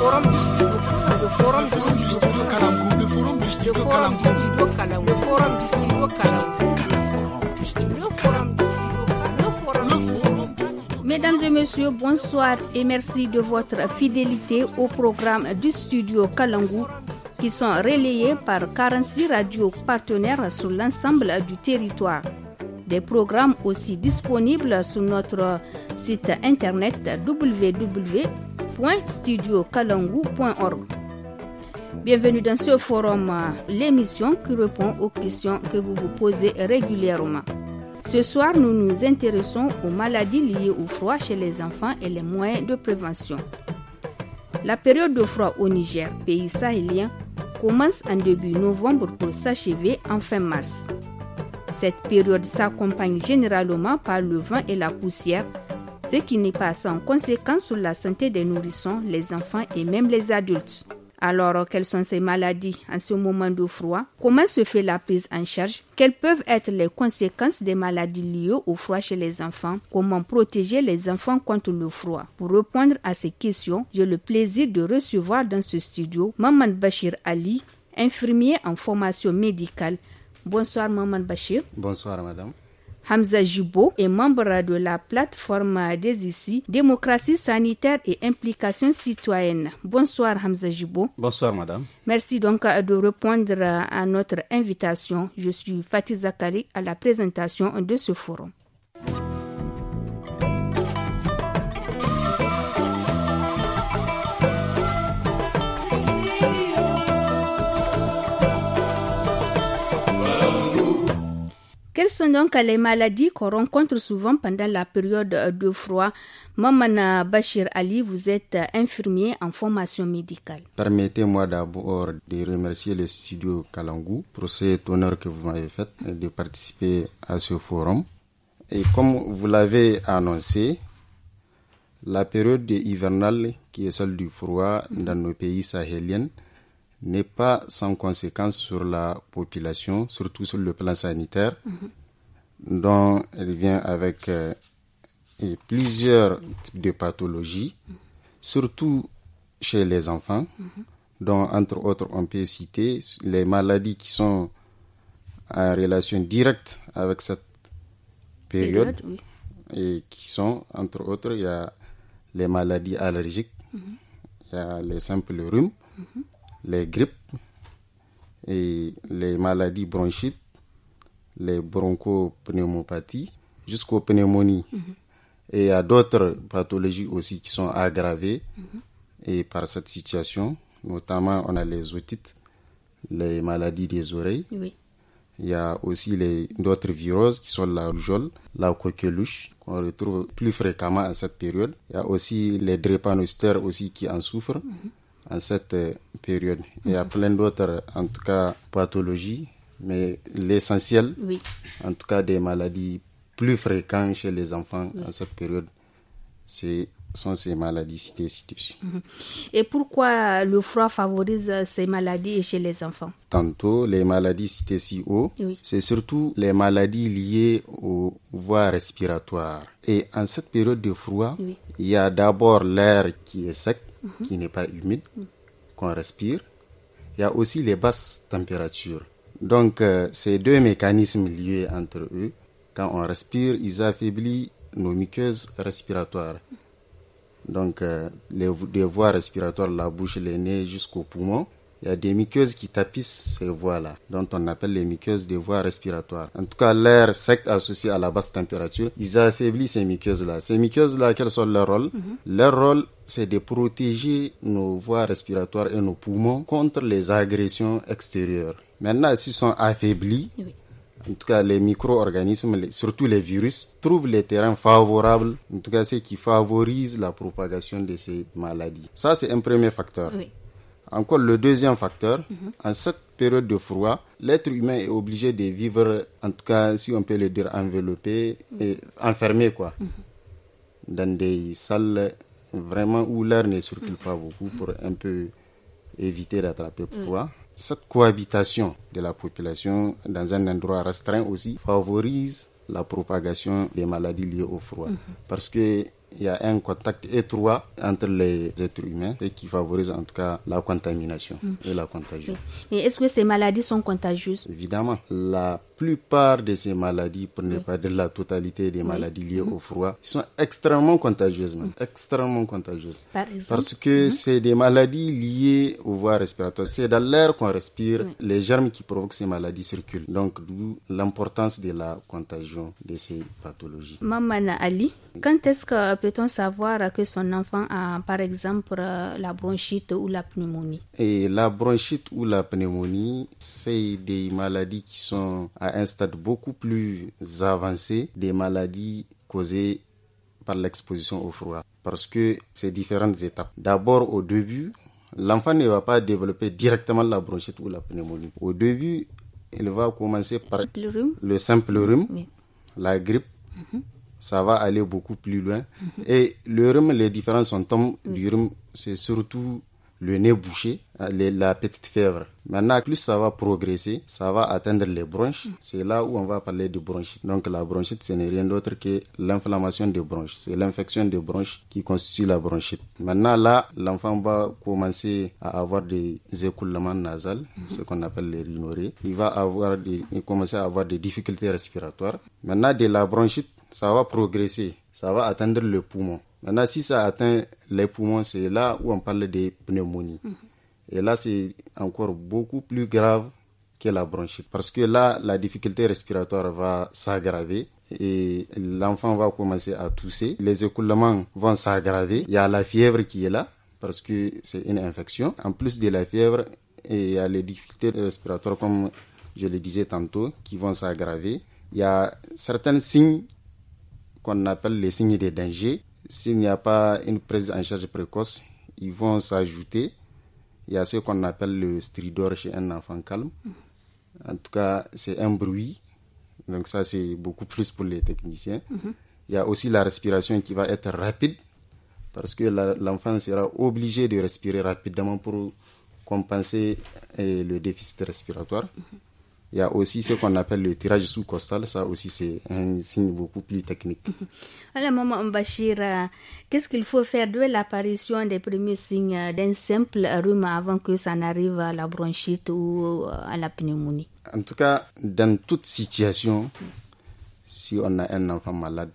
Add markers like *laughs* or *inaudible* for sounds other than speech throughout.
forum du studio le forum du studio le forum du studio le forum du studio le forum du studio Mesdames et messieurs, bonsoir et merci de votre fidélité au programme du studio Kalangou qui sont relayés par 46 radios partenaires sur l'ensemble du territoire des programmes aussi disponibles sur notre site internet www Bienvenue dans ce forum, euh, l'émission qui répond aux questions que vous vous posez régulièrement. Ce soir, nous nous intéressons aux maladies liées au froid chez les enfants et les moyens de prévention. La période de froid au Niger, pays sahélien, commence en début novembre pour s'achever en fin mars. Cette période s'accompagne généralement par le vent et la poussière, ce qui n'est pas sans conséquence sur la santé des nourrissons, les enfants et même les adultes. Alors, quelles sont ces maladies en ce moment de froid Comment se fait la prise en charge Quelles peuvent être les conséquences des maladies liées au froid chez les enfants Comment protéger les enfants contre le froid Pour répondre à ces questions, j'ai le plaisir de recevoir dans ce studio Maman Bachir Ali, infirmier en formation médicale. Bonsoir Maman Bachir. Bonsoir Madame. Hamza Jubo est membre de la plateforme des ICI, démocratie sanitaire et implication citoyenne. Bonsoir Hamza Jubo. Bonsoir madame. Merci donc euh, de répondre à notre invitation. Je suis Fatih Zakari à la présentation de ce forum. Quelles sont donc les maladies qu'on rencontre souvent pendant la période euh, de froid Mamana Bachir Ali, vous êtes euh, infirmier en formation médicale. Permettez-moi d'abord de remercier le studio Kalangu pour cet honneur que vous m'avez fait de participer à ce forum. Et comme vous l'avez annoncé, la période hivernale qui est celle du froid dans nos pays sahéliens n'est pas sans conséquence sur la population, surtout sur le plan sanitaire, mhm. dont elle vient avec euh, plusieurs types de pathologies, mhm. surtout chez les enfants, mhm. dont entre autres on peut citer les maladies qui sont en relation directe avec cette période, et qui sont entre autres, il y a les maladies allergiques, il y a les simples rhumes les grippes et les maladies bronchites, les bronchopneumopathies, jusqu'aux pneumonies. Mhm. Et à d'autres pathologies aussi qui sont aggravées mhm. et par cette situation. Notamment, on a les otites, les maladies des oreilles. Il y a aussi d'autres viroses qui sont la rougeole, la coqueluche, qu'on retrouve plus fréquemment à cette période. Il y a aussi les drépanocytaires aussi qui en souffrent. Mhm en cette euh, période. Il y a mhm. plein d'autres, en tout cas, pathologies, mais l'essentiel, en tout cas, des maladies plus fréquentes chez les enfants à en cette période, ce sont ces maladies citées, ci-dessus. Mhm. Et pourquoi le froid favorise ces maladies chez les enfants Tantôt, les maladies citées ci haut, c'est surtout les maladies liées aux voies respiratoires. Et en cette période de froid, il y a d'abord l'air qui est sec, Mhm. qui n'est pas humide, mhm. qu'on respire. Il y a aussi les basses températures. Donc, euh, ces deux mécanismes liés entre eux, quand on respire, ils affaiblissent nos muqueuses respiratoires. Mhm. Donc, euh, les, les voies respiratoires, la bouche, les nez jusqu'aux poumons. Il y a des muqueuses qui tapissent ces voies-là, dont on appelle les muqueuses des voies respiratoires. En tout cas, l'air sec associé à la basse température, ils affaiblissent ces muqueuses-là. Ces muqueuses-là, quel sont leurs rôles mhm. Leur rôle, c'est de protéger nos voies respiratoires et nos poumons contre les agressions extérieures. Maintenant, s'ils sont affaiblis, en tout cas les micro-organismes, surtout les virus, trouvent les terrains favorables, en tout cas ceux qui favorisent la propagation de ces maladies. Ça, c'est un premier facteur. Oui. Encore le deuxième facteur, mhm. en cette période de froid, l'être humain est obligé de vivre, en tout cas, si on peut le dire, enveloppé, mhm. et enfermé, quoi, mhm. dans des salles vraiment où l'air ne circule pas beaucoup pour un peu éviter d'attraper froid. Cette cohabitation de la population dans un endroit restreint aussi favorise la propagation des maladies liées au froid. Parce que il y a un contact étroit entre les êtres humains et qui favorise en tout cas la contamination hmm. et la contagion. Mais est-ce que ces maladies sont contagieuses Évidemment, la plupart de ces maladies, pour ne pas dire la totalité des maladies liées hmm. au froid, sont extrêmement contagieuses, hmm. extrêmement contagieuses. Parce que c'est des maladies liées aux voies respiratoires. C'est dans l'air qu'on respire, les germes qui provoquent ces maladies circulent. Donc, d'où l'importance de la contagion de ces pathologies. Maman Ali, quand est-ce que peut-on savoir que son enfant a, par exemple, la bronchite ou la pneumonie Et la bronchite ou la pneumonie, c'est des maladies qui sont à un stade beaucoup plus avancé, des maladies causées par l'exposition au froid. Parce que c'est différentes étapes. D'abord, au début, l'enfant ne va pas développer directement la bronchite ou la pneumonie. Au début, il va commencer par le, simple rhume, la grippe. Mhm ça va aller beaucoup plus loin. Mhm. Et le rhume, les différents symptômes du rhume, c'est surtout le nez bouché, euh, la petite fièvre. Maintenant, plus ça va progresser, ça va atteindre les bronches. Mhm. C'est là où on va parler de bronchite. Donc, la bronchite, ce n'est rien d'autre que l'inflammation des bronches. C'est l'infection des bronches qui constitue la bronchite. Maintenant, là, l'enfant va commencer à avoir des écoulements nasales, mhm. ce qu'on appelle les rhinorrhées. Il va avoir des, il commencer à avoir des difficultés respiratoires. Maintenant, de la bronchite, ça va progresser, ça va atteindre le poumon. Maintenant, si ça atteint les poumons, c'est là où on parle de pneumonie. Mhm. Et là, c'est encore beaucoup plus grave que la bronchite. Parce que là, la difficulté respiratoire va s'aggraver et l'enfant va commencer à tousser. Les écoulements vont s'aggraver. Il y a la fièvre qui est là parce que c'est une infection. En plus de la fièvre, il y a les difficultés respiratoires, comme je le disais tantôt, qui vont s'aggraver. Il y a certains signes qu'on appelle les signes de danger. S'il n'y a pas une prise en charge précoce, ils vont s'ajouter. Il y a ce qu'on appelle le stridor chez un enfant calme. En tout cas, c'est un bruit. Donc ça, c'est beaucoup plus pour les techniciens. Il y a aussi la respiration qui va être rapide parce que l'enfant sera obligé de respirer rapidement pour compenser eh, le déficit respiratoire. Il y a aussi ce qu'on appelle le tirage sous costal, ça aussi c'est un signe beaucoup plus technique. *laughs* Alors Maman Mbachir, qu'est-ce qu'il faut faire dès l'apparition des premiers signes d'un simple rhume avant que ça n'arrive à la bronchite ou euh, à la pneumonie En tout cas, dans toute situation, si on a un enfant malade,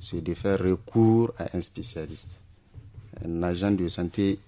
c'est de faire recours à un spécialiste, un agent de santé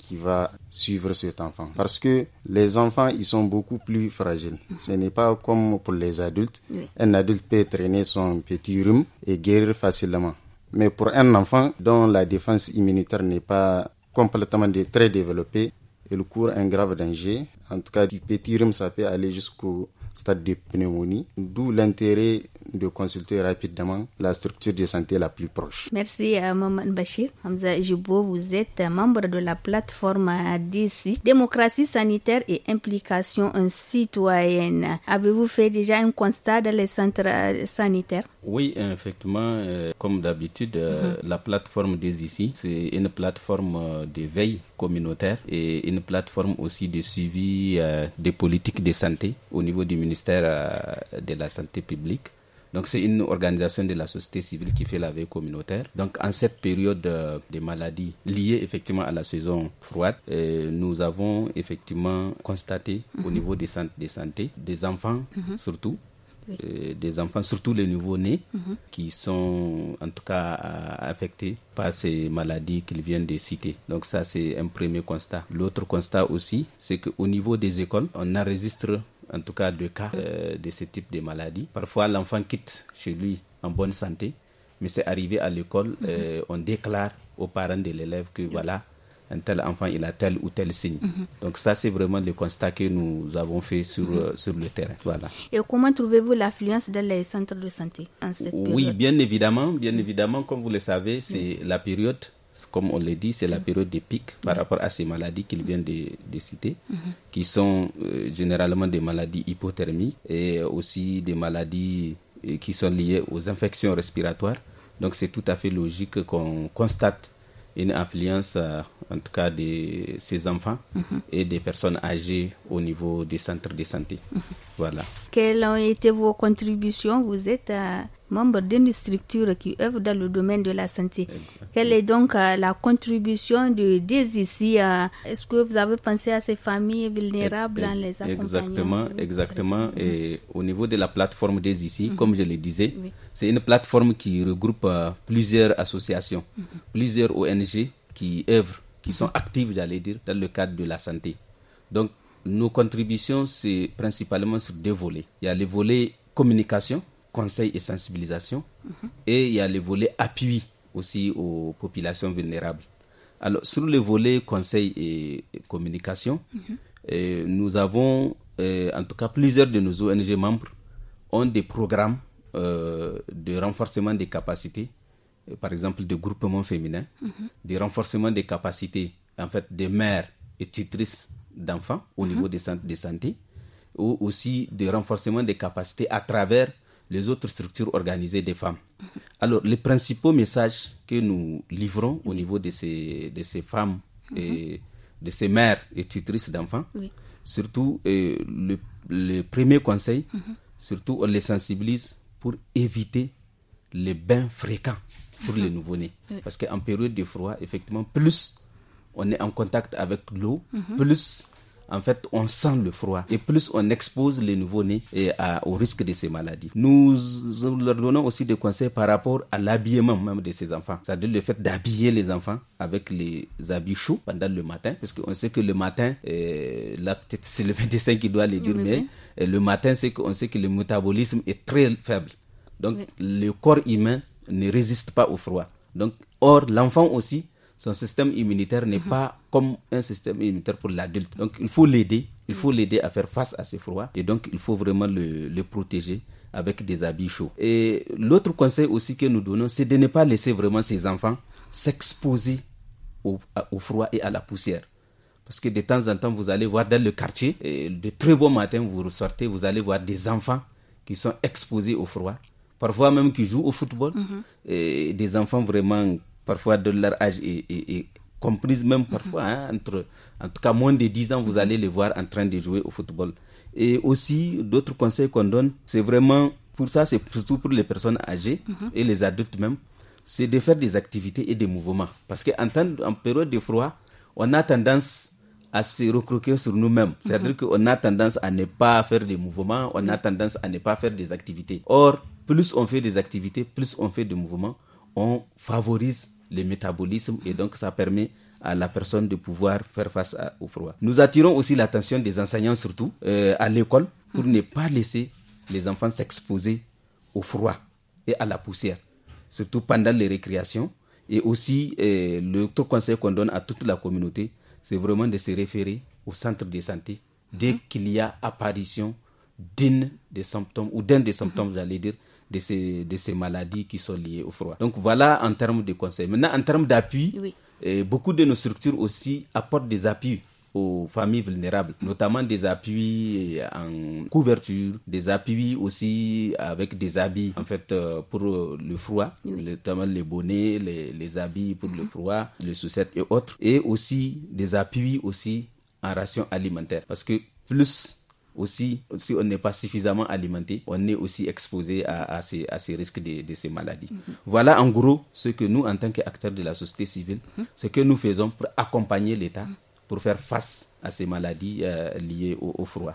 qui va suivre cet enfant. Parce que les enfants, ils sont beaucoup plus fragiles. Mhm. Ce n'est pas comme pour les adultes. Un adulte peut traîner son petit rhume et guérir facilement. Mais pour un enfant dont la défense immunitaire n'est pas complètement très développée, il court un grave danger. En tout cas, du petit rhume, ça peut aller jusqu'au stade de pneumonie, d'où l'intérêt de consulter rapidement la structure de santé la plus proche. Merci euh, Maman Bachir. Hamza vous êtes membre de la plateforme DICI, démocratie sanitaire et implication citoyenne. Avez-vous fait déjà un constat dans les centres euh, sanitaires Oui, effectivement, euh, comme d'habitude, mhm. la plateforme des c'est une plateforme de veille communautaire et une plateforme aussi de suivi des politiques de santé au niveau du ministère de la Santé publique. Donc c'est une organisation de la société civile qui fait la veille communautaire. Donc en cette période euh, de maladies liées effectivement à la saison froide, euh, nous avons effectivement constaté au mhm. niveau des centres de santé des enfants mhm. surtout euh, des enfants, surtout les nouveaux nés mhm. qui sont en tout cas affectés par ces maladies qu'ils viennent de citer. Donc ça, c'est un premier constat. L'autre constat aussi, c'est qu'au niveau des écoles, on enregistre en tout cas deux cas euh, de ce type de maladie. Parfois, l'enfant quitte chez lui en bonne santé, mais c'est arrivé à l'école, mhm. euh, on déclare aux parents de l'élève que voilà, un tel enfant, il a tel ou tel signe. Mhm. Donc ça, c'est vraiment le constat que nous avons fait sur, mhm. euh, sur le terrain. Voilà. Et comment trouvez-vous l'affluence dans les centres de santé en cette Oui, bien évidemment, bien évidemment, comme vous le savez, c'est mm. la période comme on l'a dit, c'est la période des pics par rapport à ces maladies qu'il vient de, citer, qui sont euh, généralement des maladies hypothermiques et aussi des maladies euh, qui sont liées aux infections respiratoires. Donc c'est tout à fait logique qu'on constate une influence euh, en tout cas de ces enfants mhm. et des personnes âgées au niveau des centres de santé. Mhm. Voilà. Quelles ont été vos contributions Vous êtes euh, membre d'une structure qui œuvre dans le domaine de la santé. Quelle est donc euh, la contribution de des ici euh? Est-ce que vous avez pensé à ces familles vulnérables en les accompagnant Exactement, exactement. Mhm. Et au niveau de la plateforme des ici, comme je le disais, c'est une plateforme qui regroupe plusieurs associations, plusieurs ONG qui œuvrent qui sont actives, j'allais dire, dans le cadre de la santé. Donc, nos contributions, c'est principalement sur deux volets. Il y a le volet communication, conseil et sensibilisation, mhm. et il y a le volet appui aussi aux populations vulnérables. Alors, sur le volet conseil et communication, mhm. euh, nous avons, euh, en tout cas, plusieurs de nos ONG membres ont des programmes euh, de renforcement des capacités euh, par exemple, de groupements féminins, mm renforcement des capacités, en fait, des mères et tutrices d'enfants au niveau des centres de santé, ou aussi des renforcement des capacités à travers les autres structures organisées des femmes. Alors, les principaux messages que nous livrons au niveau de ces, de ces femmes et de ces mères et tutrices d'enfants, surtout euh, le, premier conseil, mhm. surtout on les sensibilise pour éviter les bains fréquents pour les nouveau-nés. Parce qu'en période de froid, effectivement, plus on est en contact avec l'eau, mhm. plus en fait, on sent le froid et plus on expose les nouveau-nés au risque de ces maladies. Nous leur donnons aussi des conseils par rapport à l'habillement même de ces enfants. C'est-à-dire le fait d'habiller les enfants avec les habits chauds pendant le matin, parce qu'on sait que le matin, euh, là peut-être c'est le médecin qui doit les dire, mais le matin, c'est qu'on sait que le métabolisme est très faible. Donc le corps humain ne résiste pas au froid. Donc, or, l'enfant aussi, son système immunitaire n'est pas comme un système immunitaire pour l'adulte. Donc, il faut l'aider, il faut l'aider à faire face à ce froid et donc il faut vraiment le, protéger avec des habits chauds. Et l'autre conseil aussi que nous donnons, c'est de ne pas laisser vraiment ces enfants s'exposer au, froid et à la poussière. Parce que de temps en temps, vous allez voir dans le quartier, de très beaux matins, vous ressortez, vous allez voir des enfants qui sont exposés au froid parfois même qui jouent au football, mhm. et des enfants vraiment, parfois de leur âge et, et, même parfois, mhm. hein, entre, en tout cas moins de 10 ans, vous mhm. allez les voir en train de jouer au football. Et aussi, d'autres conseils qu'on donne, c'est vraiment, pour ça, c'est surtout pour les personnes âgées et les adultes même, c'est de faire des activités et des mouvements. Parce qu'en en période de froid, on a tendance à se recroquer sur nous-mêmes. C'est-à-dire mhm. qu'on a tendance à ne pas faire des mouvements, on a mhm. tendance à ne pas faire des activités. Or, plus on fait des activités, plus on fait des mouvements, on favorise le métabolisme et donc ça permet à la personne de pouvoir faire face au froid. Nous attirons aussi l'attention des enseignants surtout euh, à l'école pour mhm. ne pas laisser les enfants s'exposer au froid et à la poussière, surtout pendant les récréations et aussi euh, le conseil qu'on donne à toute la communauté c'est vraiment de se référer au centre de santé dès mhm. qu'il y a apparition d'une des symptômes ou d'un des symptômes, mhm. j'allais dire, de ces, de ces maladies qui sont liées au froid. Donc voilà en termes de conseils. Maintenant, en termes d'appui, beaucoup de nos structures aussi apportent des appuis aux familles vulnérables, notamment des appuis en couverture, des appuis aussi avec des habits, en fait, euh, pour euh, le froid, notamment les bonnets, les, les habits pour le mhm. froid, les chaussettes et autres, et aussi des appuis aussi en ration alimentaire. Parce que plus aussi, si on n'est pas suffisamment alimenté, on est aussi exposé à, ces, à ces, risques de, ces maladies. Mhm. Voilà en gros ce que nous, en tant qu'acteurs de la société civile, mhm. ce que nous faisons pour accompagner l'État pour faire face à ces maladies euh, liées au, froid.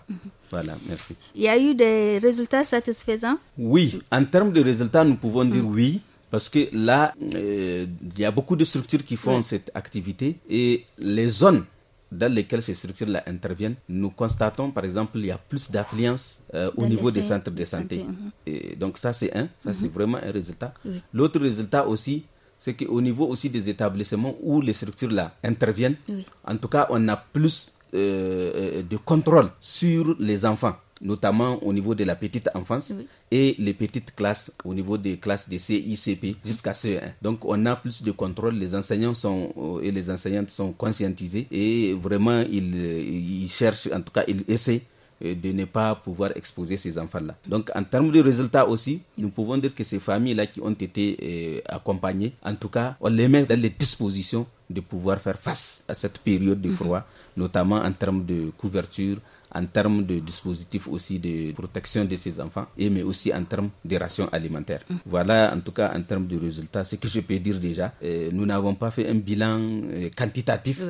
Voilà, merci. Il y a eu des résultats satisfaisants Oui, en termes de résultats, nous pouvons dire oui. Parce que là, euh, il y a beaucoup de structures qui font cette activité et les zones dans lesquelles ces structures-là interviennent, nous constatons par exemple il y a plus d'affluence euh, au niveau des centres de santé. Mhm. Et donc ça c'est un, ça c'est mhm. vraiment un résultat. L'autre résultat aussi, c'est qu'au niveau aussi des établissements où les structures-là interviennent, en tout cas, on a plus euh, euh, de contrôle sur les enfants notamment au niveau de la petite enfance et les petites classes au niveau des classes de CICP jusqu'à CE1. Donc on a plus de contrôle, les enseignants sont euh, et les enseignantes sont conscientisés et vraiment ils, ils cherchent, en tout cas ils essaient euh, de ne pas pouvoir exposer ces enfants-là. Donc en termes de résultats aussi, nous pouvons dire que ces familles-là qui ont été euh, accompagnées, en tout cas, on les met dans les dispositions de pouvoir faire face à cette période de mhm. froid, notamment en termes de couverture, en termes de dispositifs aussi de protection de ces enfants, et mais aussi en termes de rations alimentaires. Mhm. Voilà en tout cas en termes de résultats ce que je peux dire déjà. Euh, nous n'avons pas fait un bilan quantitatif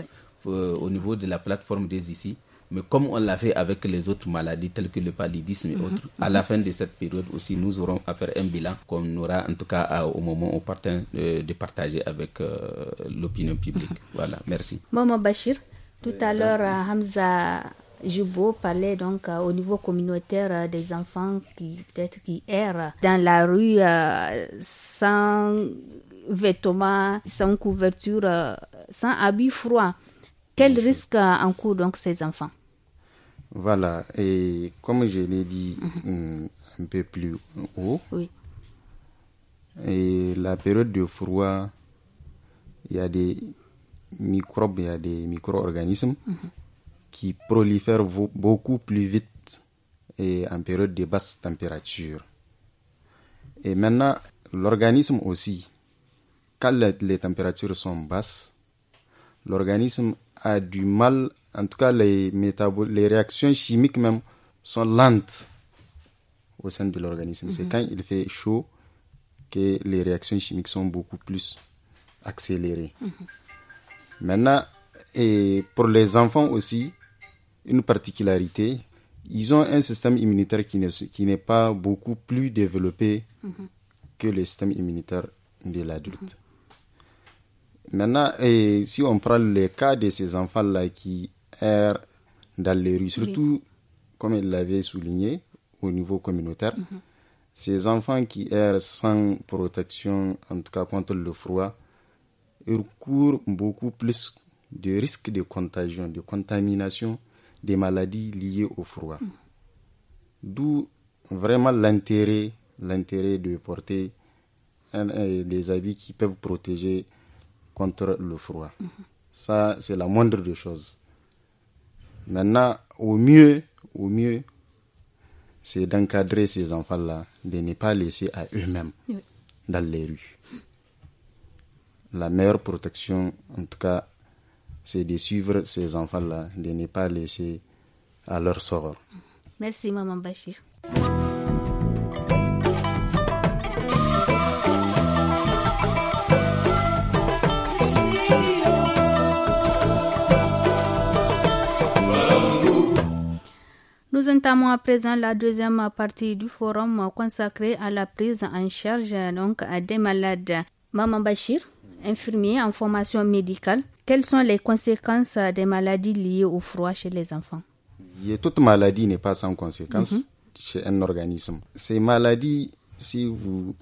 au niveau de la plateforme des ICI mais comme on l'a fait avec les autres maladies telles que le paludisme et mhm. autres, à la fin de cette période aussi, nous aurons à faire un bilan qu'on aura en tout cas au moment opportun euh, de partager avec euh, l'opinion publique. Mhm. voilà, merci. Maman Bachir, tout à euh, l'heure, Hamza Jubo parlait donc au niveau communautaire des enfants qui peut-être qui errent dans la rue sans vêtements, sans couverture, sans habits froids. Quel risque cours donc ces enfants voilà, et comme je l'ai dit mhm. mm, un peu plus haut, et la période de froid, il y a des microbes, il y a des micro-organismes mhm. qui prolifèrent beaucoup plus vite et en période de basse température. Et maintenant, l'organisme aussi, quand les, les températures sont basses, l'organisme a du mal en tout cas, les, les réactions chimiques même sont lentes au sein de l'organisme. C'est mhm. quand il fait chaud que les réactions chimiques sont beaucoup plus accélérées. Mhm. Maintenant, et pour les enfants aussi, une particularité, ils ont un système immunitaire qui n'est pas beaucoup plus développé mhm. que le système immunitaire de l'adulte. Maintenant, et si on prend le cas de ces enfants-là qui errent dans les rues, surtout, comme elle l'avait souligné, au niveau communautaire. Mhm. Ces enfants qui errent sans protection, en tout cas contre le froid, ils courent beaucoup plus de risques de contagion, de contamination des maladies liées au froid. Mhm. D'où vraiment l'intérêt, l'intérêt de porter des habits qui peuvent protéger contre le froid. Mhm. Ça, c'est la moindre des choses. Maintenant, au mieux, au mieux, c'est d'encadrer ces enfants-là, de ne pas laisser à eux-mêmes dans les rues. La meilleure protection, en tout cas, c'est de suivre ces enfants-là, de ne pas laisser à leur sort. Merci, Maman Bachir. Nous entamons à présent la deuxième partie du forum consacrée à la prise en charge donc, des malades. Maman Bachir, infirmier en formation médicale, quelles sont les conséquences des maladies liées au froid chez les enfants Toute maladie n'est pas sans conséquence mhm. chez un organisme. Ces maladies, si vous,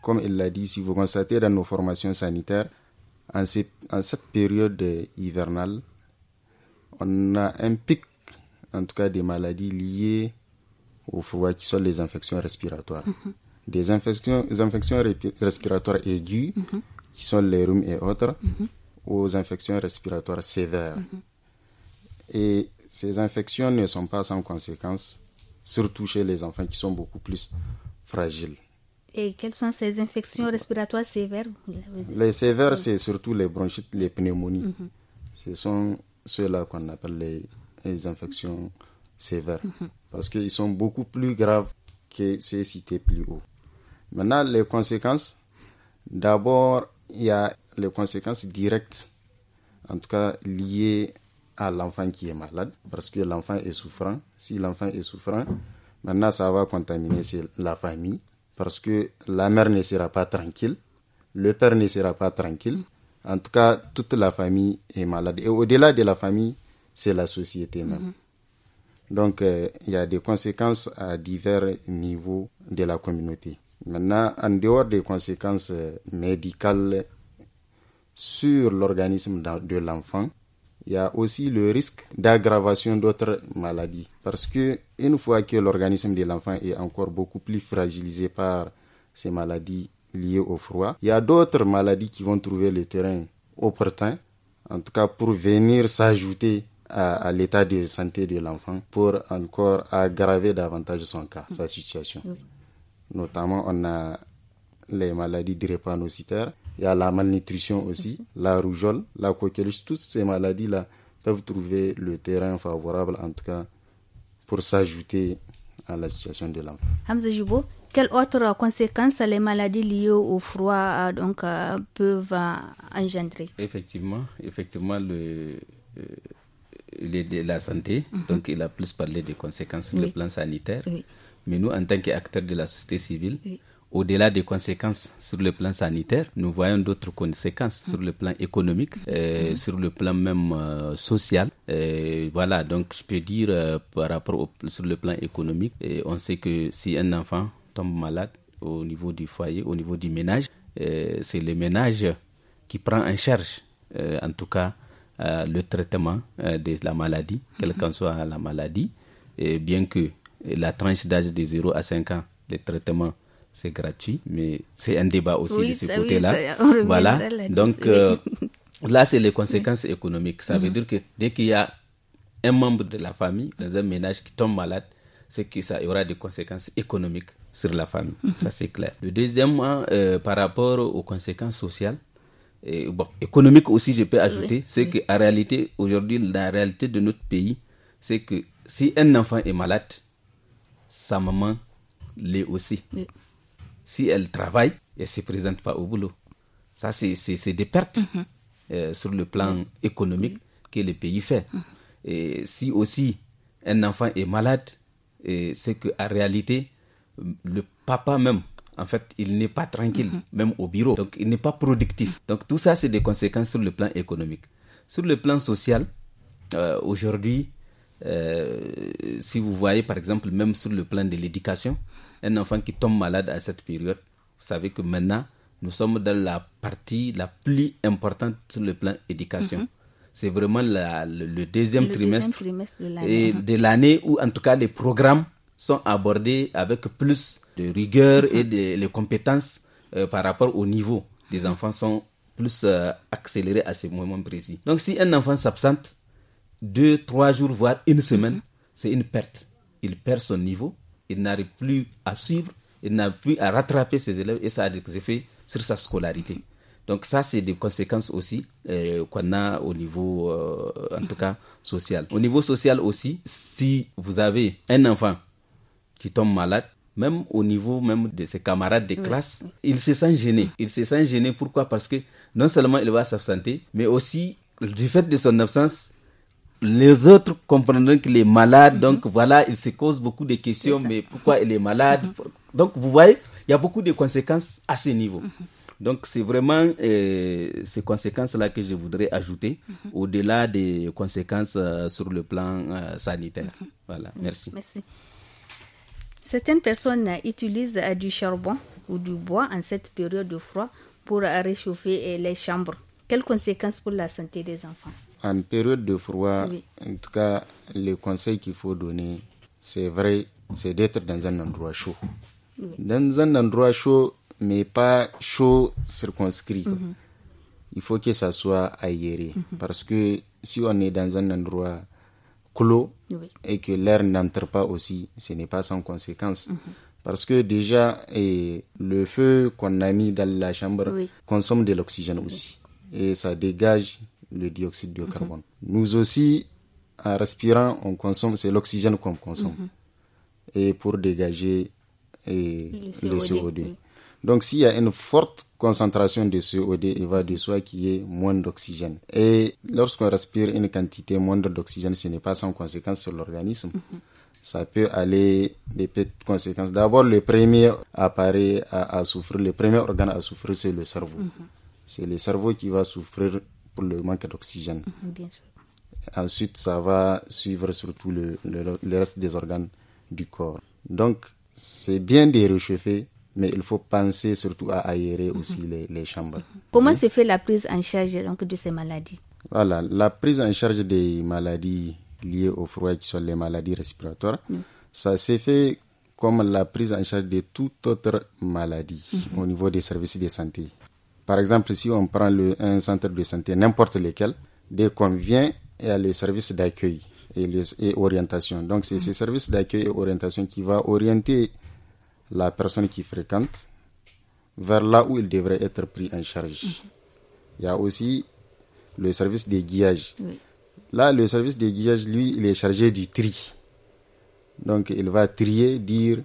comme il l'a dit, si vous constatez dans nos formations sanitaires, en cette période hivernale, on a un pic en tout cas des maladies liées au froid qui sont les infections respiratoires. Mm-hmm. Des infections, les infections respiratoires aiguës mm-hmm. qui sont les rhumes et autres, mm-hmm. aux infections respiratoires sévères. Et ces infections ne sont pas sans conséquences, surtout chez les enfants qui sont beaucoup plus fragiles. Et quelles sont ces infections respiratoires sévères Les sévères, mm. c'est surtout les bronchites, les pneumonies. Ce sont ceux-là qu'on appelle les les infections sévères, mhm. parce qu'ils sont beaucoup plus graves que ceux cités plus haut. Maintenant, les conséquences, d'abord, il y a les conséquences directes, en tout cas liées à l'enfant qui est malade, parce que l'enfant est souffrant. Si l'enfant est souffrant, maintenant ça va contaminer la famille, parce que la mère ne sera pas tranquille, le père ne sera pas tranquille. En tout cas, toute la famille est malade. Et au-delà de la famille, c'est la société même. Mhm. Donc, euh, il y a des conséquences à divers niveaux de la communauté. Maintenant, en dehors des conséquences euh, médicales sur l'organisme de l'enfant, il y a aussi le risque d'aggravation d'autres maladies. Parce que une fois que l'organisme de l'enfant est encore beaucoup plus fragilisé par ces maladies liées au froid, il y a d'autres maladies qui vont trouver le terrain opportun, en tout cas pour venir s'ajouter à, l'état de santé de l'enfant pour encore aggraver davantage son cas, sa mm. situation. Notamment, on a les maladies drépanocytaires, il y a la malnutrition aussi, mm-hmm. la rougeole, la coqueluche, toutes ces maladies-là peuvent trouver le terrain favorable, en tout cas, pour s'ajouter à la situation de l'enfant. Hamza Jibo, quelles autres conséquences les maladies liées au froid euh, donc, euh, peuvent euh, engendrer Effectivement, effectivement le, les, la santé, mhm. donc il a plus parlé des conséquences sur le plan sanitaire. Mais nous, en tant qu'acteurs de la société civile, au-delà des conséquences sur le plan sanitaire, nous voyons d'autres conséquences mhm. sur le plan économique, euh, mhm. sur le plan même euh, social. Euh, voilà, donc je peux dire par rapport sur le plan économique, et on sait que si un enfant tombe malade au niveau du foyer, au niveau du ménage, c'est le ménage qui prend en charge, en tout cas, euh, le traitement euh, de la maladie, quelle qu'en soit la maladie, et bien que la tranche d'âge de 0 à 5 ans, le traitement c'est gratuit, mais c'est un débat aussi de ce côté-là. voilà. Donc euh, *laughs* là, c'est les conséquences économiques. Ça veut mhm. dire que dès qu'il y a un membre de la famille dans un ménage qui tombe malade, c'est que ça aura des conséquences économiques sur la famille. Mhm. Ça, c'est clair. Le par rapport aux conséquences sociales, bon, économique aussi, je peux ajouter, c'est que qu'en réalité, aujourd'hui, la réalité de notre pays, c'est que si un enfant est malade, sa maman l'est aussi. Si elle travaille, elle ne se présente pas au boulot. Ça, c'est des pertes mhm. euh, sur le plan économique que le pays fait. Mhm. Et si aussi un enfant est malade, c'est qu'en réalité, le papa même en fait, il n'est pas tranquille, mhm. même au bureau. Donc, il n'est pas productif. Donc, tout ça, c'est des conséquences sur le plan économique. Sur le plan social, euh, aujourd'hui, euh, si vous voyez, par exemple, même sur le plan de l'éducation, un enfant qui tombe malade à cette période, vous savez que maintenant, nous sommes dans la partie la plus importante sur le plan éducation. Mhm. c'est vraiment le, deuxième trimestre, et de l'année où en tout cas les programmes sont abordés avec plus de rigueur et de les compétences euh, par rapport au niveau des enfants sont plus euh, accélérés à ces moments précis. Donc si un enfant s'absente deux, trois jours, voire une semaine, c'est une perte. Il perd son niveau, il n'arrive plus à suivre, il n'arrive plus à rattraper ses élèves et ça a des effets sur sa scolarité. Donc ça, c'est des conséquences aussi euh, qu'on a au niveau, en tout cas, social. Au niveau social aussi, si vous avez un enfant qui tombe malade, même au niveau même de ses camarades de classe, il se sent gêné. Il se sent gêné pourquoi Parce que non seulement il va s'absenter, mais aussi du fait de son absence, les autres comprendront qu'il est malade. Mhm. Donc voilà, il se cause beaucoup de questions, mais pourquoi il est malade mhm. Donc vous voyez, il y a beaucoup de conséquences à ce niveau. Mhm. Donc c'est vraiment euh, ces conséquences-là que je voudrais ajouter au-delà des conséquences euh, sur le plan euh, sanitaire. Voilà, merci. Merci. Certaines personnes utilisent du charbon ou du bois en cette période de froid pour réchauffer euh, les chambres. Quelles conséquences pour la santé des enfants En période de froid, en tout cas, le conseil qu'il faut donner, c'est vrai, c'est d'être dans un endroit chaud. Dans un endroit chaud, mais pas chaud circonscrit. Mhm. Il faut que ça soit aéré. Mhm. Parce que si on est dans un endroit clos et que l'air n'entre pas aussi, ce n'est pas sans conséquence. Mhm. Parce que déjà, le feu qu'on a mis dans la chambre consomme de l'oxygène aussi. Et ça dégage le dioxyde de mhm. carbone. Nous aussi, en respirant, on consomme, c'est l'oxygène qu'on consomme. Mhm. Et pour dégager le CO2. Le CO2. Donc s'il y a une forte concentration de 2 il va de soi qu'il y ait moins d'oxygène. Et lorsqu'on respire une quantité moindre d'oxygène, ce n'est pas sans conséquence sur l'organisme. Mhm. ça peut aller des petites conséquences. D'abord, le premier appareil à, souffrir, le premier organe à souffrir, c'est le cerveau. Mhm. C'est le cerveau qui va souffrir pour le manque d'oxygène. Mhm, Ensuite, ça va suivre surtout le, le, reste des organes du corps. Donc, c'est bien de réchauffer mais il faut penser surtout à aérer aussi mhm. les, les, chambres. Comment se fait la prise en charge donc, de ces maladies Voilà, la prise en charge des maladies liées au froid, qui sont les maladies respiratoires, ça s'est fait comme la prise en charge de toute autre maladie mhm. au niveau des services de santé. Par exemple, si on prend le, un centre de santé, n'importe lequel, dès qu'on vient, il y a le service d'accueil et, et, orientation. Donc, c'est mhm. ces services d'accueil et orientation qui va orienter la personne qui fréquente vers là où il devrait être pris en charge. Il y a aussi le service des guillages. Là, le service des guillages, lui, il est chargé du tri. Donc, il va trier, dire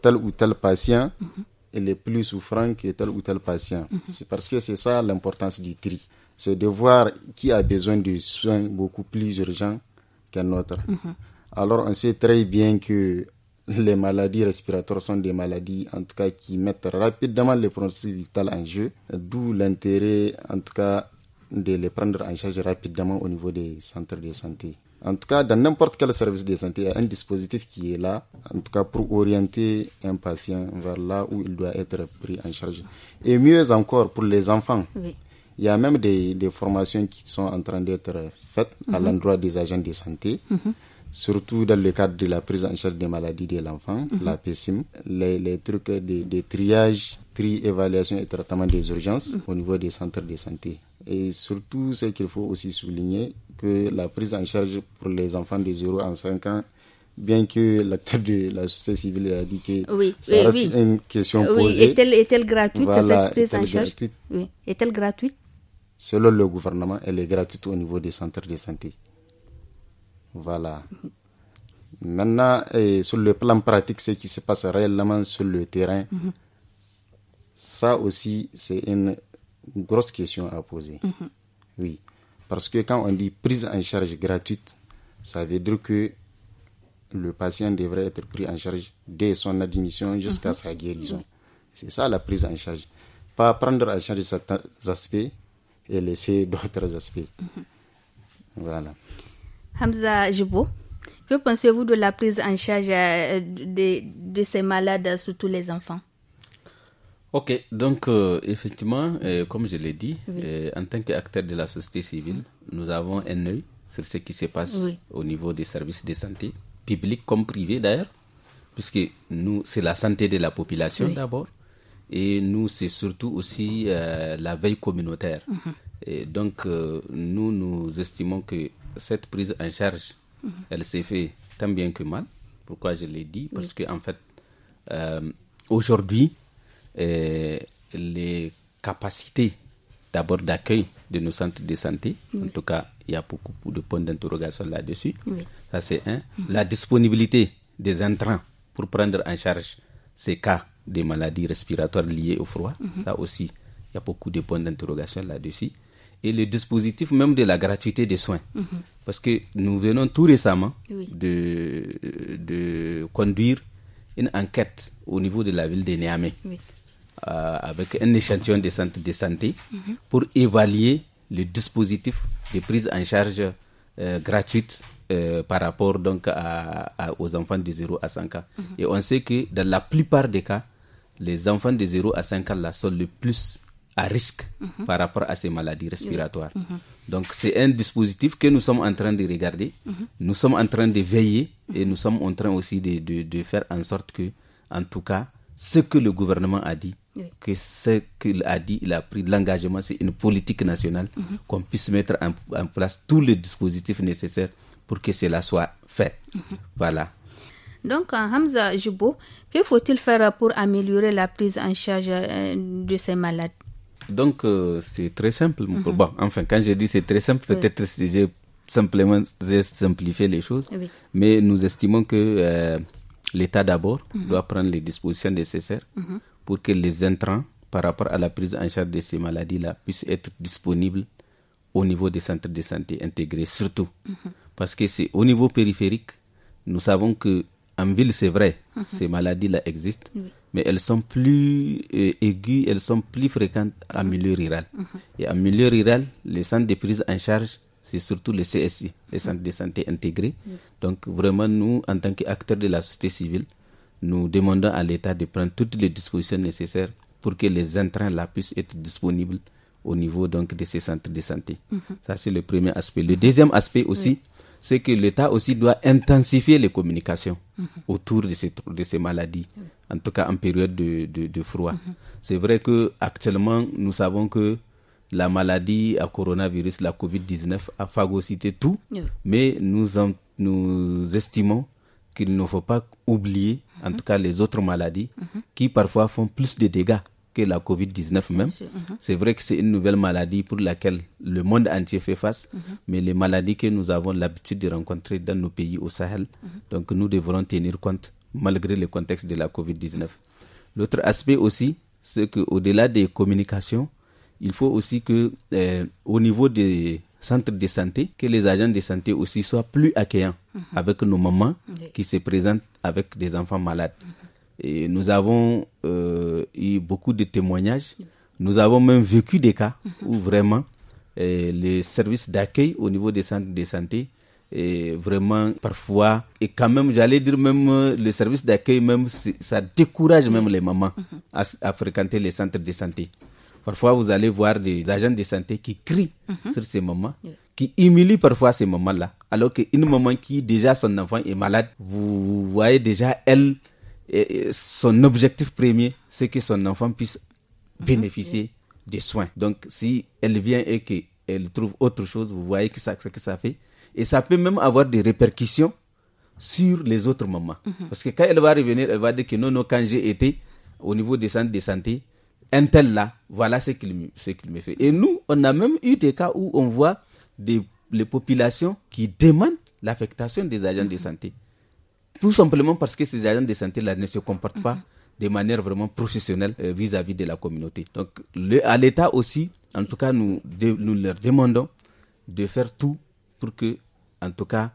tel ou tel patient, mm est plus souffrant que tel ou tel patient. Mhm. C'est parce que c'est ça l'importance du tri. C'est de voir qui a besoin de soins beaucoup plus urgents qu'un autre. Mhm. Alors, on sait très bien que les maladies respiratoires sont des maladies, en tout cas, qui mettent rapidement les pronostic vital en jeu, d'où l'intérêt, en tout cas, de les prendre en charge rapidement au niveau des centres de santé. En tout cas, dans n'importe quel service de santé, il y a un dispositif qui est là, en tout cas pour orienter un patient vers là où il doit être pris en charge. Et mieux encore, pour les enfants, il y a même des, des, formations qui sont en train d'être faites à mhm. l'endroit des agents de santé. Mhm surtout dans le cadre de la prise en charge des maladies de l'enfant, mhm. la PSIM, les, trucs de, triage, tri, évaluation et traitement des urgences mhm. au niveau des centres de santé. Et surtout, ce qu'il faut aussi souligner, que la prise en charge pour les enfants de 0 à 5 ans bien que l'acteur de la société civile a dit que oui, ça une question posée. Est-elle gratuite cette prise en charge Est-elle gratuite Selon le gouvernement, elle est gratuite au niveau des centres de santé. Voilà. Maintenant, sur le plan pratique, ce qui se passe réellement sur le terrain, mhm. ça aussi, c'est une grosse question à poser. Mhm. Oui. Parce que quand on dit prise en charge gratuite, ça veut dire que le patient devrait être pris en charge dès son admission jusqu'à mhm. sa guérison. C'est ça la prise en charge. Pas prendre en charge certains aspects et laisser *laughs* d'autres aspects. Voilà. Hamza Jibo, que pensez-vous de la prise en charge euh, de, ces malades, surtout les enfants Ok, donc euh, effectivement, euh, comme je l'ai dit, en tant qu'acteur de la société civile, nous avons un œil sur ce qui se passe au niveau des services de santé, publics comme privés d'ailleurs, puisque nous, c'est la santé de la population d'abord, et nous, c'est surtout aussi la veille communautaire. Mhm. Et donc, nous, nous estimons que cette prise en charge, mhm. elle s'est faite tant bien que mal. Pourquoi je l'ai dit Parce que qu'en en fait, euh, aujourd'hui, euh, les capacités d'abord d'accueil de nos centres de santé, en tout cas, il y a beaucoup de points d'interrogation là-dessus. Ça, c'est un. Mhm. La disponibilité des entrants pour prendre en charge ces cas de maladies respiratoires liées au froid, mhm. ça aussi, il y a beaucoup de points d'interrogation là-dessus et le dispositif même de la gratuité des soins. Parce que nous venons tout récemment de, de, conduire une enquête au niveau de la ville de Niamey euh, avec un échantillon de centres de santé mhm. pour évaluer le dispositif de prise en charge euh, gratuite euh, par rapport donc aux enfants de 0 à 5 ans. Mhm. Et on sait que dans la plupart des cas, les enfants de 0 à 5 ans la sont le plus à risque mhm. par rapport à ces maladies respiratoires. Mhm. Donc c'est un dispositif que nous sommes en train de regarder, mhm. nous sommes en train de veiller et nous sommes en train aussi de, de, faire en sorte que, en tout cas, ce que le gouvernement a dit, que ce qu'il a dit, il a pris l'engagement, c'est une politique nationale, qu'on puisse mettre en, place tous les dispositifs nécessaires pour que cela soit fait. Voilà. Donc, euh, Hamza Jubo, que faut-il faire pour améliorer la prise en charge euh, de ces malades donc, euh, c'est très simple. bon, mhm. enfin, quand je dis c'est très simple, peut-être j'ai simplement simplifié les choses. Mais nous estimons que euh, l'État d'abord mhm. doit prendre les dispositions nécessaires mhm. pour que les intrants, par rapport à la prise en charge de ces maladies-là, puissent être disponibles au niveau des centres de santé intégrés, surtout. Parce que c'est au niveau périphérique, nous savons que en ville, c'est vrai, ces maladies-là existent mais elles sont plus euh, aiguës, elles sont plus fréquentes en mhm. milieu rural. Mhm. Et en milieu rural, les centres de prise en charge, c'est surtout les CSI, mhm. les centres de santé intégrés. Donc vraiment, nous, en tant qu'acteurs de la société civile, nous demandons à l'État de prendre toutes les dispositions nécessaires pour que les intrants là puissent être disponibles au niveau donc de ces centres de santé. Ça, c'est le premier aspect. Le deuxième aspect aussi, c'est que l'État aussi doit intensifier les communications autour de ces maladies, en tout cas en période de, de, froid. Mhm. C'est vrai que actuellement, nous savons que la maladie à coronavirus, la COVID-19, a phagocyté tout, mais nous, nous estimons qu'il ne faut pas oublier, en mhm. tout cas, les autres maladies mhm. qui parfois font plus de dégâts que la COVID-19 même. C'est vrai que c'est une nouvelle maladie pour laquelle le monde entier fait face, mais les maladies que nous avons l'habitude de rencontrer dans nos pays au Sahel, donc nous devrons tenir compte malgré le contexte de la COVID-19. L'autre aspect aussi, c'est qu'au-delà des communications, il faut aussi que, euh, au niveau des centres de santé, que les agents de santé aussi soient plus accueillants mhm. avec nos mamans qui se présentent avec des enfants malades. Mhm. Et nous avons euh, eu beaucoup de témoignages. Nous avons même vécu des cas mhm. où vraiment euh, les services d'accueil au niveau des centres de santé et vraiment parfois et quand même j'allais dire même euh, le service d'accueil même ça décourage même les mamans mhm. à, fréquenter les centres de santé. Parfois vous allez voir des agents de santé qui crient mhm. sur ces mamans, qui humilient parfois ces mamans-là. Alors qu'une maman qui déjà son enfant est malade, vous voyez déjà elle, son objectif premier, c'est que son enfant puisse mhm. bénéficier des soins. Donc si elle vient et qu'elle trouve autre chose, vous voyez que ça, que ça fait, et ça peut même avoir des répercussions sur les autres mamans. Mhm. Parce que quand elle va revenir, elle va dire que non, non, quand j'ai été au niveau des centres de santé, un tel là, voilà ce qu'il me, fait. Et nous, on a même eu des cas où on voit des, les populations qui demandent l'affectation des agents de mhm. santé. Tout simplement parce que ces agents de santé là ne se comportent pas mhm. de manière vraiment professionnelle euh, vis-à-vis de la communauté. Donc à l'État aussi, en tout cas, nous, nous leur demandons de faire tout pour que, en tout cas,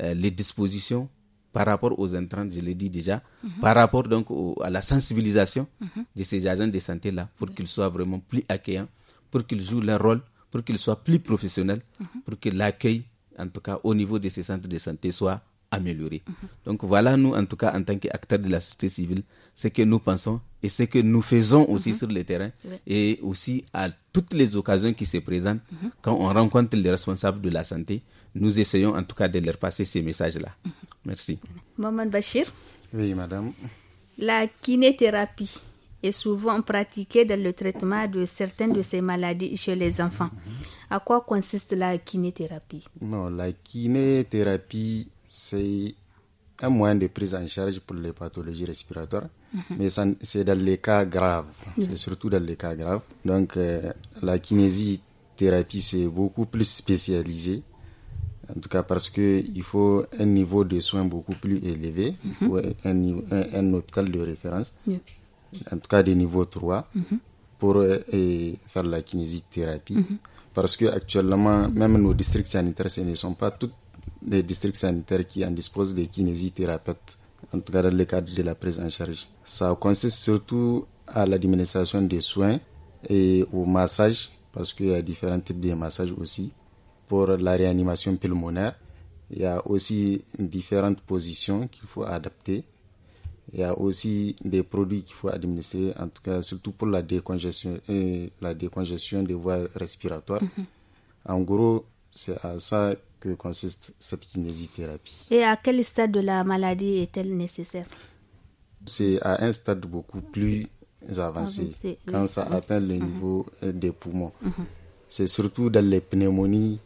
euh, les dispositions par rapport aux intrants, je l'ai dit déjà, mhm. par rapport donc à la sensibilisation mhm. de ces agents de santé-là, pour qu'ils soient vraiment plus accueillants, pour qu'ils jouent leur rôle, pour qu'ils soient plus professionnels, mhm. pour que l'accueil, en tout cas au niveau de ces centres de santé, soit améliorer. Donc voilà, nous, en tout cas, en tant qu'acteurs de la société civile, ce que nous pensons et ce que nous faisons aussi mhm. sur le terrain et aussi à toutes les occasions qui se présentent, mhm. quand on rencontre les responsables de la santé, nous essayons en tout cas de leur passer ces messages-là. Mhm. Merci. Maman Bachir Oui, madame. La kinéthérapie est souvent pratiquée dans le traitement de certaines de ces maladies chez les enfants. À quoi consiste la kinéthérapie Non, la kinéthérapie c'est un moyen de prise en charge pour les pathologies respiratoires, mhm. mais ça mais c'est dans les cas graves, c'est surtout dans les cas graves. Donc euh, la kinésithérapie, c'est beaucoup plus spécialisé, en tout cas parce qu'il faut un niveau de soins beaucoup plus élevé, mhm. un, hôpital de référence, en tout cas de niveau 3, mhm. pour euh, faire la kinésithérapie. Parce que actuellement, même nos districts sanitaires, ce ne sont pas toutes des districts sanitaires qui en disposent des kinésithérapeutes, en tout cas dans le cadre de la prise en charge. Ça consiste surtout à l'administration des soins et au massage, parce qu'il y a différents types de massages aussi, pour la réanimation pulmonaire. Il y a aussi différentes positions qu'il faut adapter. Il y a aussi des produits qu'il faut administrer, en tout cas surtout pour la décongestion, et euh, la décongestion des voies respiratoires. Mhm. En gros, c'est à ça que consiste cette kinésithérapie. Et à quel stade de la maladie est-elle nécessaire C'est à un stade beaucoup plus avancé, quand ça mm-hmm. atteint le niveau euh, des poumons. Mm-hmm. C'est surtout dans les pneumonies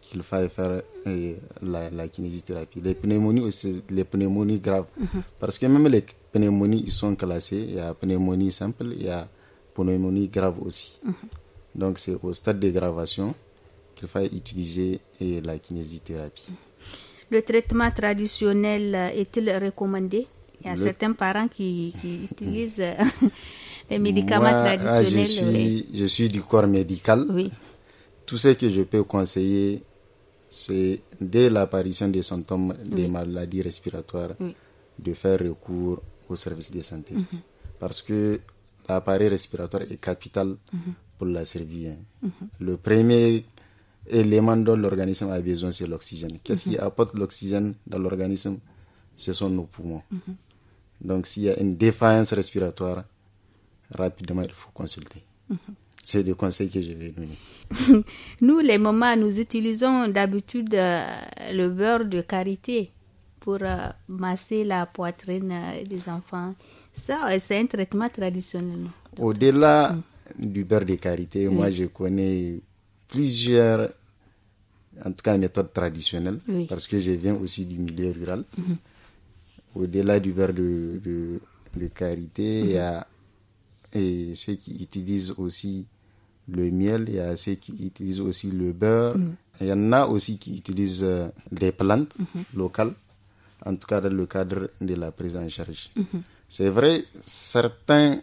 qu'il faille faire euh, la, kinésithérapie. Les pneumonies aussi, les pneumonies graves. Mm-hmm. Parce que même les pneumonies, ils sont classés. Il y a pneumonie simple, il y a pneumonie grave aussi. Donc c'est au stade de gravation qu'il faille utiliser et la kinésithérapie. Le traitement traditionnel euh, est-il recommandé Il y a certains parents qui, utilisent euh, *laughs* les médicaments ah, traditionnels. Je suis, je suis, du corps médical. Oui. Tout ce que je peux conseiller, c'est dès l'apparition des symptômes des maladies respiratoires, de faire recours au service de santé. Mhm. Parce que l'appareil respiratoire est capital mhm. pour la survie. Hein. Mhm. Le premier élément dont l'organisme a besoin, c'est l'oxygène. Qu'est-ce qui mhm. apporte l'oxygène dans l'organisme Ce sont nos poumons. Mhm. Donc, s'il y a une défaillance respiratoire, rapidement, il faut consulter. Mhm. C'est le conseil que je vais donner. *laughs* nous, les mamans, nous utilisons d'habitude euh, le beurre de karité pour euh, masser la poitrine euh, des enfants. Ça, c'est un traitement traditionnel. Au-delà mm. du beurre de karité, moi, mm. je connais plusieurs, en tout cas, méthodes traditionnelles, parce que je viens aussi du milieu rural. Mhm. Au-delà du verre de, de, de karité, il y a et ceux qui utilisent aussi le miel, il y a ceux qui utilisent aussi le beurre. Mhm. Il y en a aussi qui utilisent des euh, plantes mhm. locales, en tout cas dans le cadre de la prise en charge. C'est vrai, certains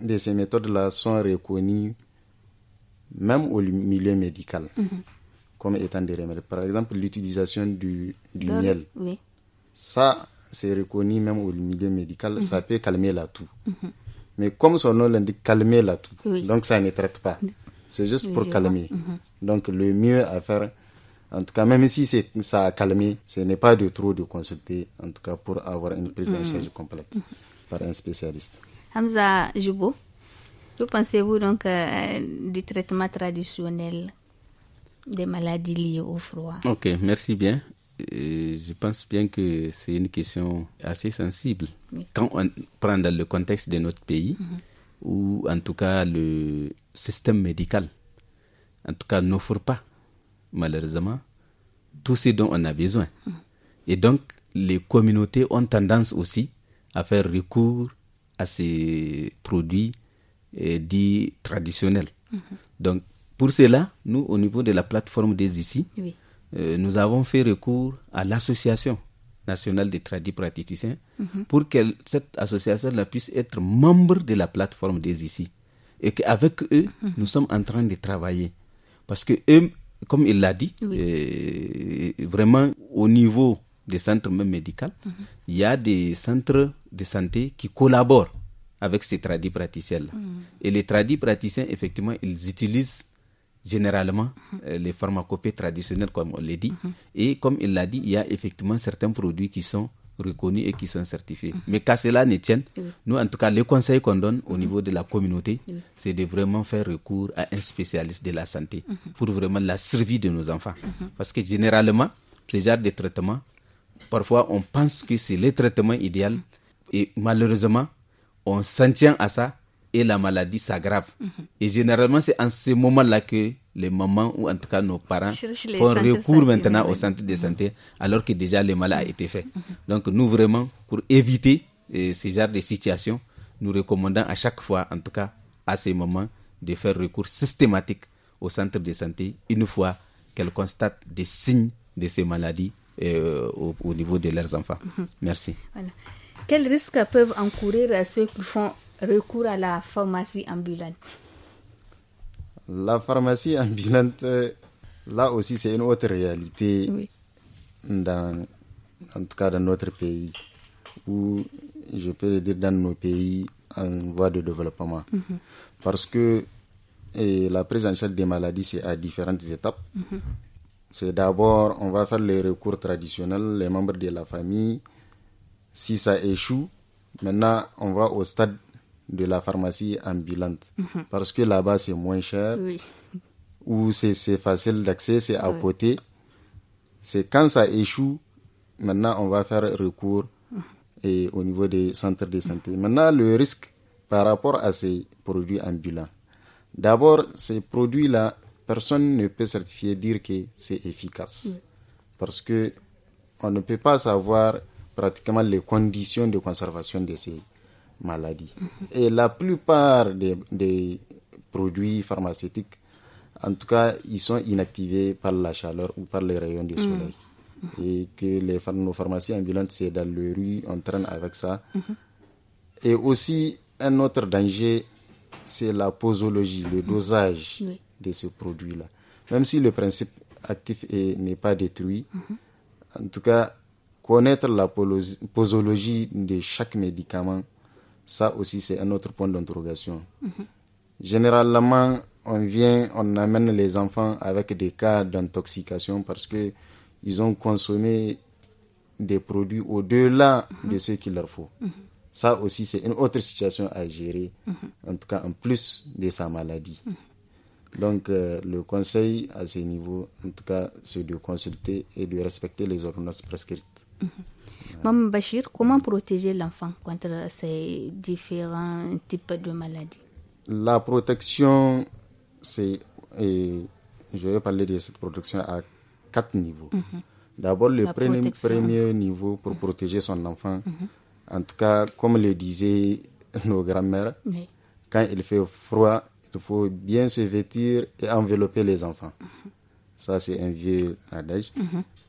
de ces méthodes-là sont reconnues même au milieu médical, mhm. comme étant des remèdes. Par exemple, l'utilisation du, du miel. Oui. Ça, c'est reconnu même au milieu médical, ça mhm. peut calmer la toux. Mhm. Mais comme son nom l'indique, calmer la toux. Donc ça ne traite pas. C'est juste pour calmer. Donc le mieux à faire, en tout cas, même si ça a calmé, ce n'est pas de trop de consulter, en tout cas pour avoir une prise en charge complète par un spécialiste. Hamza Jubo, que pensez-vous donc euh, euh, du traitement traditionnel des maladies liées au froid Ok, merci bien. Euh, je pense bien que c'est une question assez sensible. Quand on prend dans le contexte de notre pays, où mhm. ou en tout cas le système médical, en tout cas n'offre pas, malheureusement, tout ce dont on a besoin. Mhm. Et donc, les communautés ont tendance aussi à faire recours à ces produits dit traditionnel. Mhm. Donc, pour cela, nous, au niveau de la plateforme des ICI, euh, nous avons fait recours à l'Association nationale des tradis praticiens mhm. pour que cette association-là puisse être membre de la plateforme des ICI. Et qu'avec eux, mhm. nous sommes en train de travailler. Parce que eux, comme il l'a dit, euh, vraiment au niveau des centres médicaux, il y a des centres de santé qui collaborent avec ces tradis praticiens mm. Et les tradis praticiens, effectivement, ils utilisent généralement mm-hmm. euh, les pharmacopées traditionnelles, comme on l'a dit. Mm-hmm. Et comme il l'a dit, il y a effectivement certains produits qui sont reconnus et qui sont certifiés. Mm-hmm. Mais qu'à cela ne tienne, nous, en tout cas, les conseils qu'on donne au niveau de la communauté, c'est de vraiment faire recours à un spécialiste de la santé pour vraiment la survie de nos enfants. Parce que généralement, ce genre de traitements parfois, on pense que c'est le traitement idéal. Et malheureusement, on s'en tient à ça et la maladie s'aggrave. Mhm. Et généralement, c'est en ce moment-là que les mamans ou en tout cas nos parents font recours maintenant au centre de santé mhm. alors que déjà le mal a été fait. Mhm. Donc nous vraiment, pour éviter eh, ce genre de situation, nous recommandons à chaque fois, en tout cas à ces moments, de faire recours systématique au centre de santé une fois qu'elles constatent des signes de ces maladies eh, au, niveau de leurs enfants. Merci. Voilà. Quels risques peuvent encourir ceux qui font recours à la pharmacie ambulante La pharmacie ambulante, là aussi, c'est une autre réalité dans, en tout cas dans notre pays, ou je peux le dire dans nos pays en voie de développement. Mhm. Parce que eh, la présence en des maladies, c'est à différentes étapes. Mhm. C'est d'abord, on va faire les recours traditionnels, les membres de la famille, si ça échoue, maintenant, on va au stade de la pharmacie ambulante. Mhm. Parce que là-bas, c'est moins cher. Ou c'est facile d'accès, c'est à côté. C'est quand ça échoue, maintenant, on va faire recours mhm. et au niveau des centres de santé. Maintenant, le risque par rapport à ces produits ambulants. D'abord, ces produits-là, personne ne peut certifier dire que c'est efficace. Parce que on ne peut pas savoir pratiquement les conditions de conservation de ces maladies. Et la plupart des, produits pharmaceutiques, en tout cas, ils sont inactivés par la chaleur ou par les rayons du mm. soleil. Et que les, nos pharmacies ambulantes, c'est dans les rues, on traîne avec ça. Mm-hmm. Et aussi, un autre danger, c'est la posologie, le dosage mm. de ce produit-là. Même si le principe actif n'est pas détruit, mm-hmm. en tout cas, Connaître la posologie de chaque médicament, ça aussi c'est un autre point d'interrogation. Mhm. Généralement, on vient, on amène les enfants avec des cas d'intoxication parce qu'ils ont consommé des produits au-delà mhm. de ce qu'il leur faut. Mhm. Ça aussi, c'est une autre situation à gérer, en tout cas en plus de sa maladie. Donc, euh, le conseil à ce niveau, en tout cas, c'est de consulter et de respecter les ordonnances prescrites. Mhm. Maman Bachir, comment protéger l'enfant contre ces différents types de maladies La protection, c'est. Je vais parler de cette protection à quatre niveaux. Mhm. D'abord, le premier, niveau pour protéger son enfant. Mhm. En tout cas, comme le disaient *laughs* nos grands-mères, quand il fait froid, il faut bien se vêtir et envelopper les enfants. Ça, c'est un vieux adage.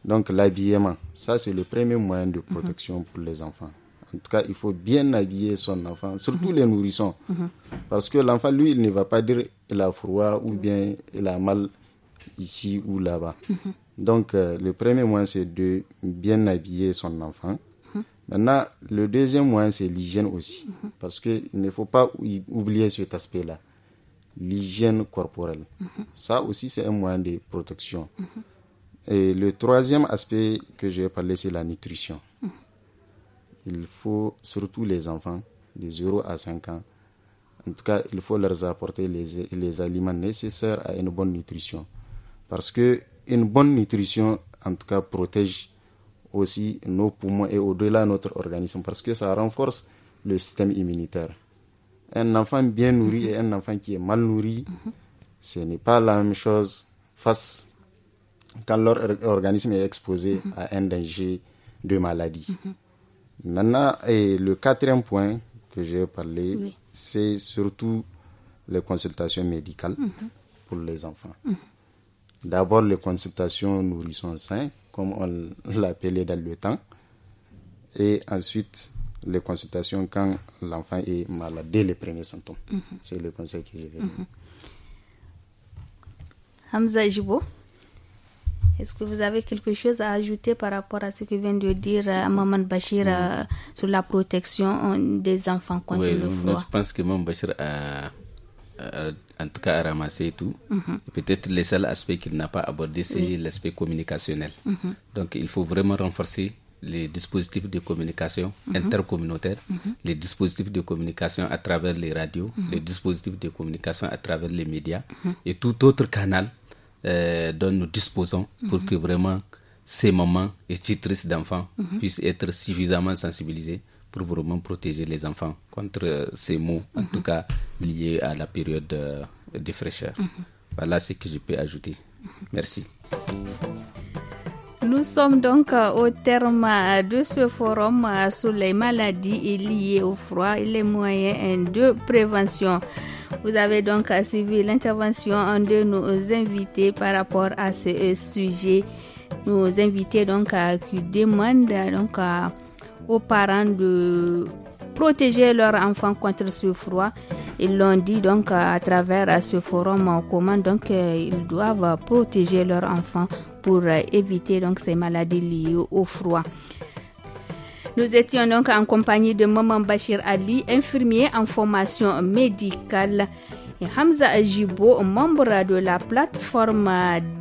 Donc l'habillement, ça c'est le premier moyen de protection mhm. pour les enfants. En tout cas, il faut bien habiller son enfant, surtout les nourrissons. Mhm. Parce que l'enfant, lui, il ne va pas dire il a froid ou bien il a mal ici ou là-bas. Mhm. Donc euh, le premier moyen c'est de bien habiller son enfant. Maintenant, le deuxième moyen, c'est l'hygiène aussi. Parce qu'il ne faut pas oublier cet aspect-là. L'hygiène corporelle. Ça aussi, c'est un moyen de protection. Et le troisième aspect que je vais parler, c'est la nutrition. Il faut surtout les enfants de 0 à 5 ans. En tout cas, il faut leur apporter les, aliments nécessaires à une bonne nutrition. Parce que une bonne nutrition, en tout cas, protège aussi nos poumons et au-delà notre organisme parce que ça renforce le système immunitaire. Un enfant bien nourri et un enfant qui est mal nourri, ce n'est pas la même chose face quand leur organisme est exposé mhm. à un danger de maladie. Mhm. Maintenant, et le quatrième point que j'ai parlé, c'est surtout les consultations médicales mhm. pour les enfants. D'abord, les consultations nourrissons sains comme on *laughs* l'appelait dans le temps. Et ensuite, les consultations quand l'enfant est malade, dès les premiers symptômes. C'est le conseil que je vais donner. Hamza Jibo est-ce que vous avez quelque chose à ajouter par rapport à ce que vient de dire euh, Maman Bachir euh, sur la protection euh, des enfants contre oui, le Oui, Je pense que Maman Bachir a, en tout cas ramassé tout. Mhm. Peut-être le seul aspect qu'il n'a pas abordé, c'est l'aspect communicationnel. Mhm. Donc il faut vraiment renforcer les dispositifs de communication mhm. intercommunautaire, intercommunautaires, les dispositifs de communication à travers les radios, les dispositifs de communication à travers les médias et tout autre canal euh, dont nous disposons pour mhm. que vraiment ces mamans et titres d'enfants mhm. puissent être suffisamment sensibilisés pour vraiment protéger les enfants contre euh, ces maux, en mhm. tout cas liés à la période euh, de fraîcheur. Voilà ce que je peux ajouter. Merci nous sommes donc euh, au terme euh, de ce forum euh, sur les maladies liées au froid et les moyens hein, de prévention. Vous avez donc suivi l'intervention de nos invités par rapport à ce sujet. Nos invités donc qui demandent donc aux parents de protéger leurs enfants contre ce froid. Ils l'ont dit donc à travers ce forum comment donc ils doivent protéger leurs enfants pour euh, éviter donc ces maladies liées au froid. Nous étions donc en compagnie de Maman Bachir Ali, infirmier en formation médicale, et Hamza Ajibo, membre de la plateforme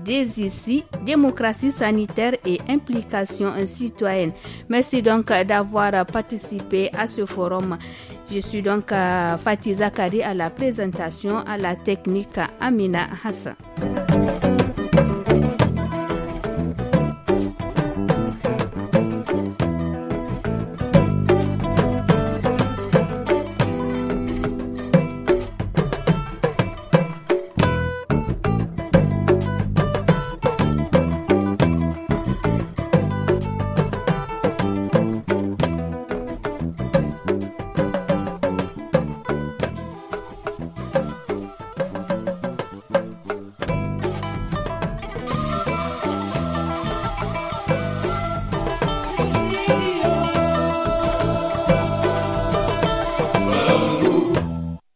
des ICI, démocratie sanitaire et implication citoyenne. Merci donc d'avoir participé à ce forum. Je suis donc euh, Fatih Zakari à la présentation, à la technique Amina Hassan.